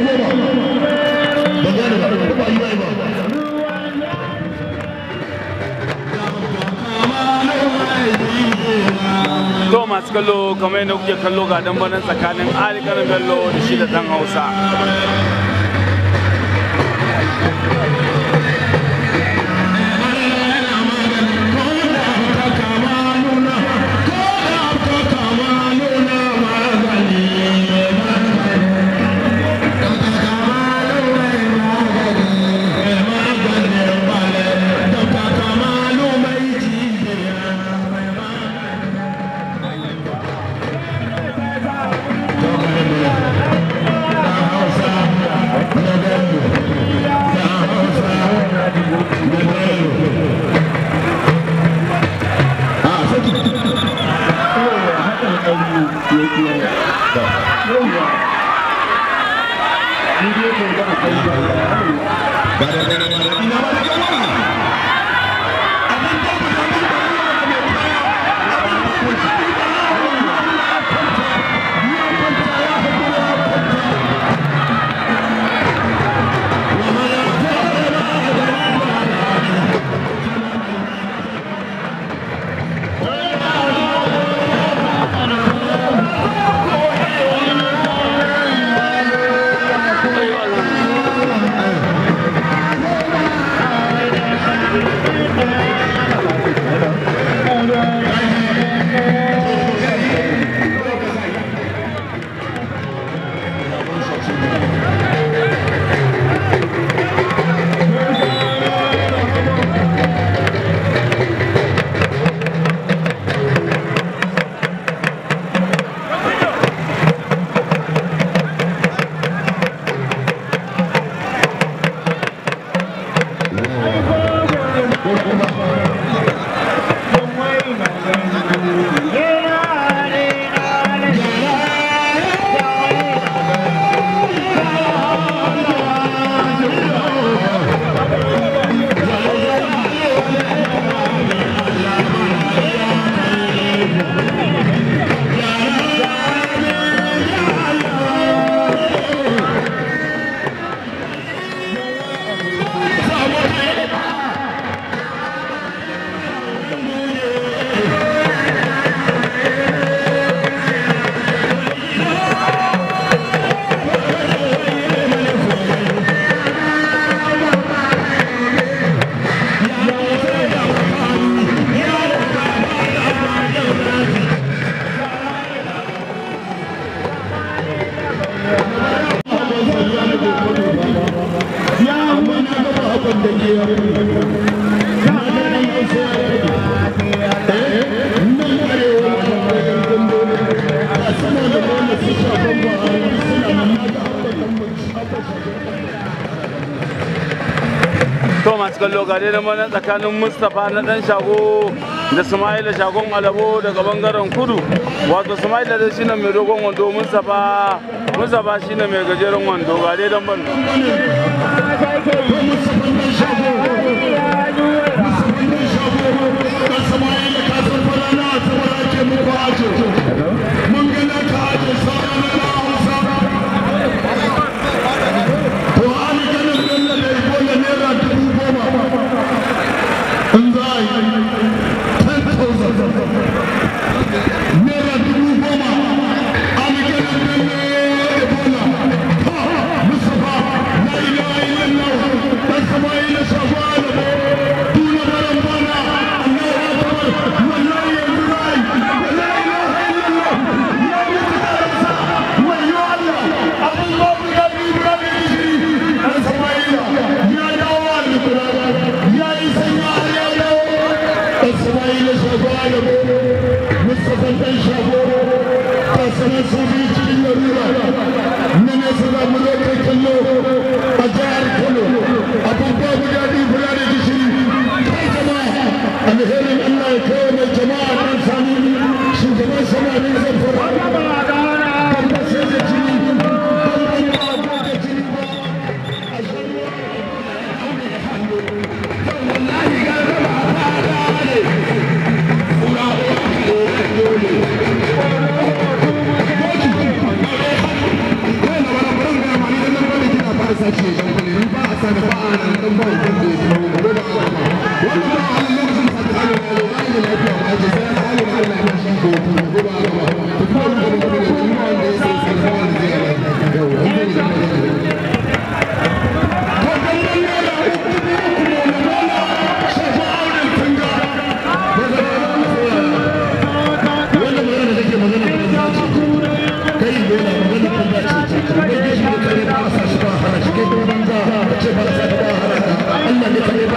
to masu kallo kamar yadda kuke kallo ga dambanin tsakanin alikanin bello da shi da dan hausa Toma masu kallo ga mana tsakanin mustapha na dan shago da sumaila shagon alabo daga bangaren kudu wato sumaila shi ne mai dogon wando mustapha mustapha ne mai gajeren wando ga dai dan ban Mustafa'dan Şahor, Tasana Sufi için yorula. Nene sana mülke kullu, acar kullu. Abubba bu geldi fulani kişi. Kay cemaat, anherin Allah'a kâme cemaat insanı. Şu zaman sana rizal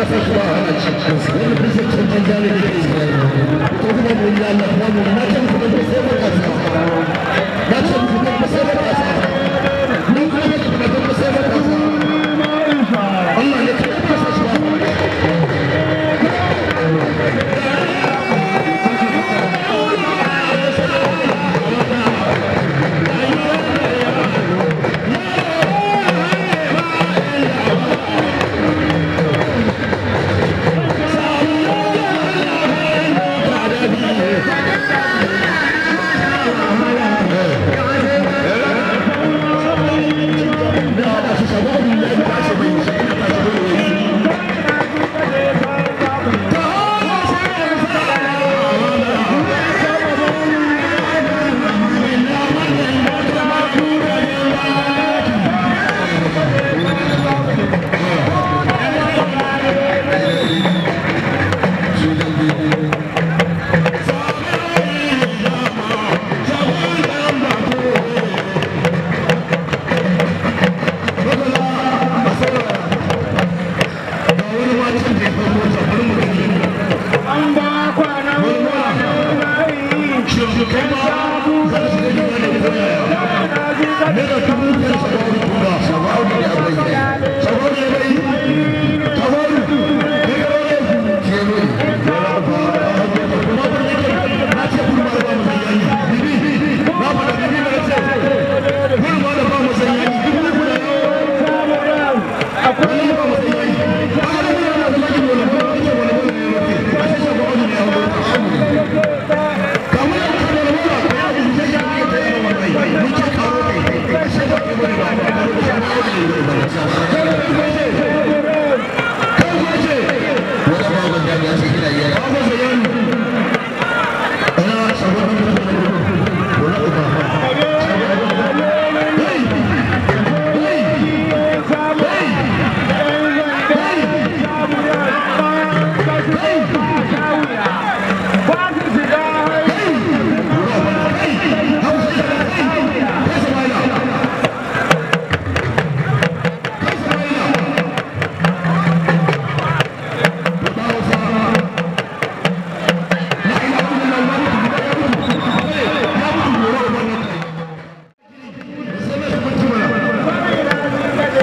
Arasakı'da araç çıkması. Bunu bize çok özellikle izleyelim. Bu konuda bu ilerle bu anlamda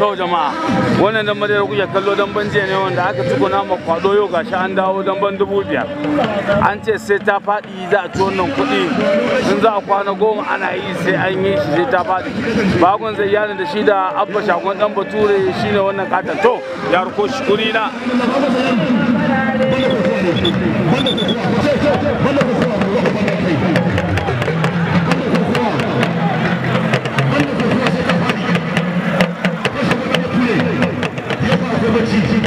kyau jama'a wannan dan madara kuke kallo dan ban ne wanda aka tukuna ma kwado yau gashi an dawo dan ban dubu biyar an ce sai ta faɗi za a ci wannan kuɗi in za a kwana goma ana yi sai an yi shi sai ta faɗi bagon zai yana da shi da abba shagon dan bature shine wannan katon to ya ruko shi kuri na Eu pelo te...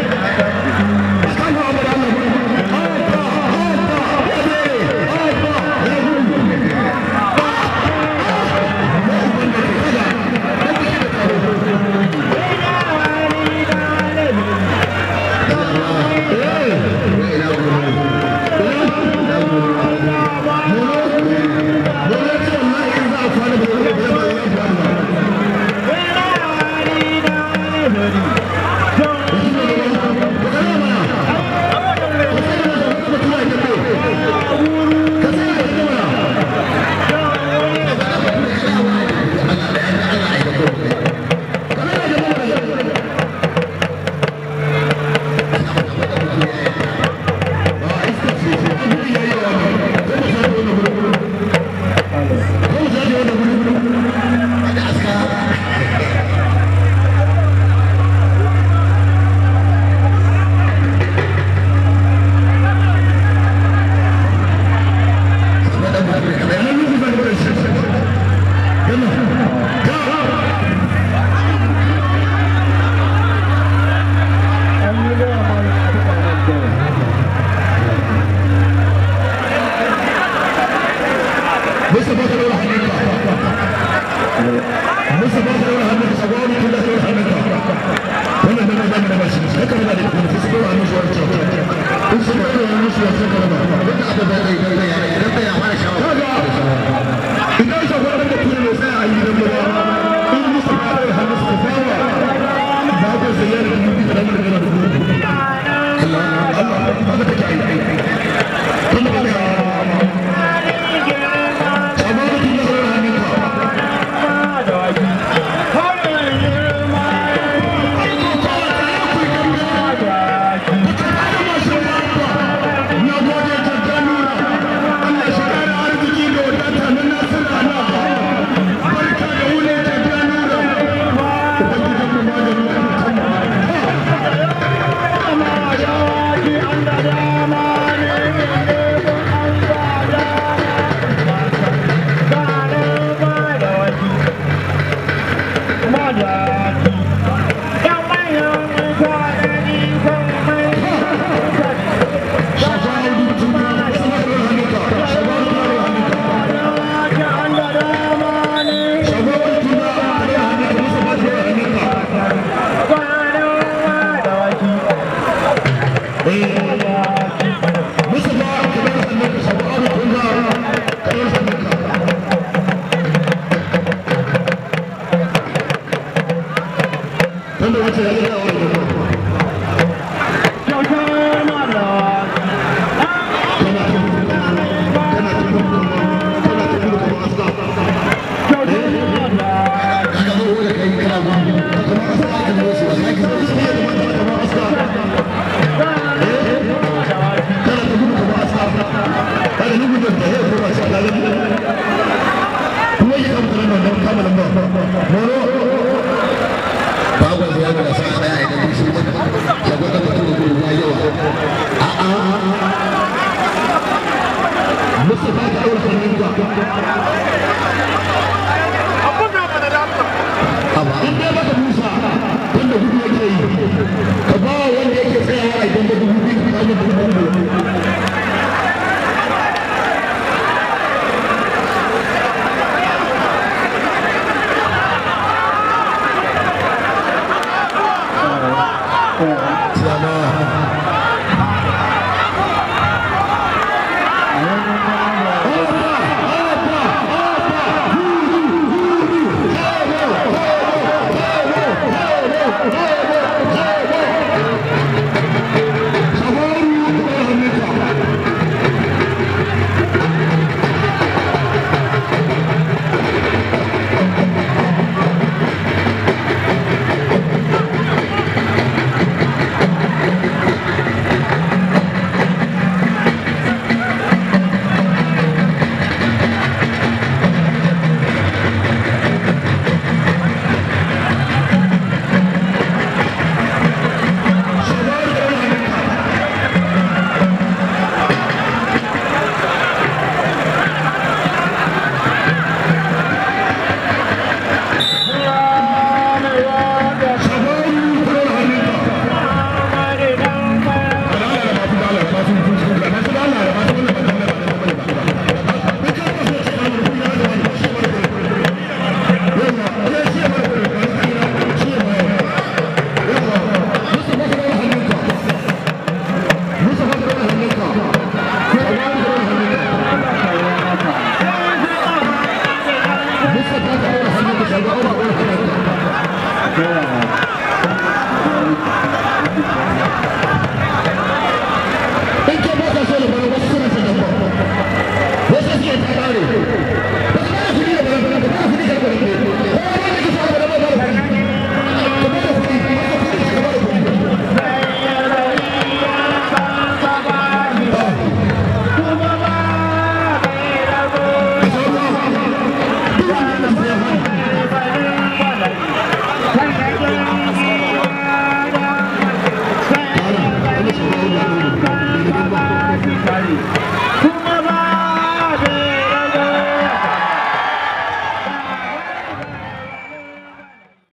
Power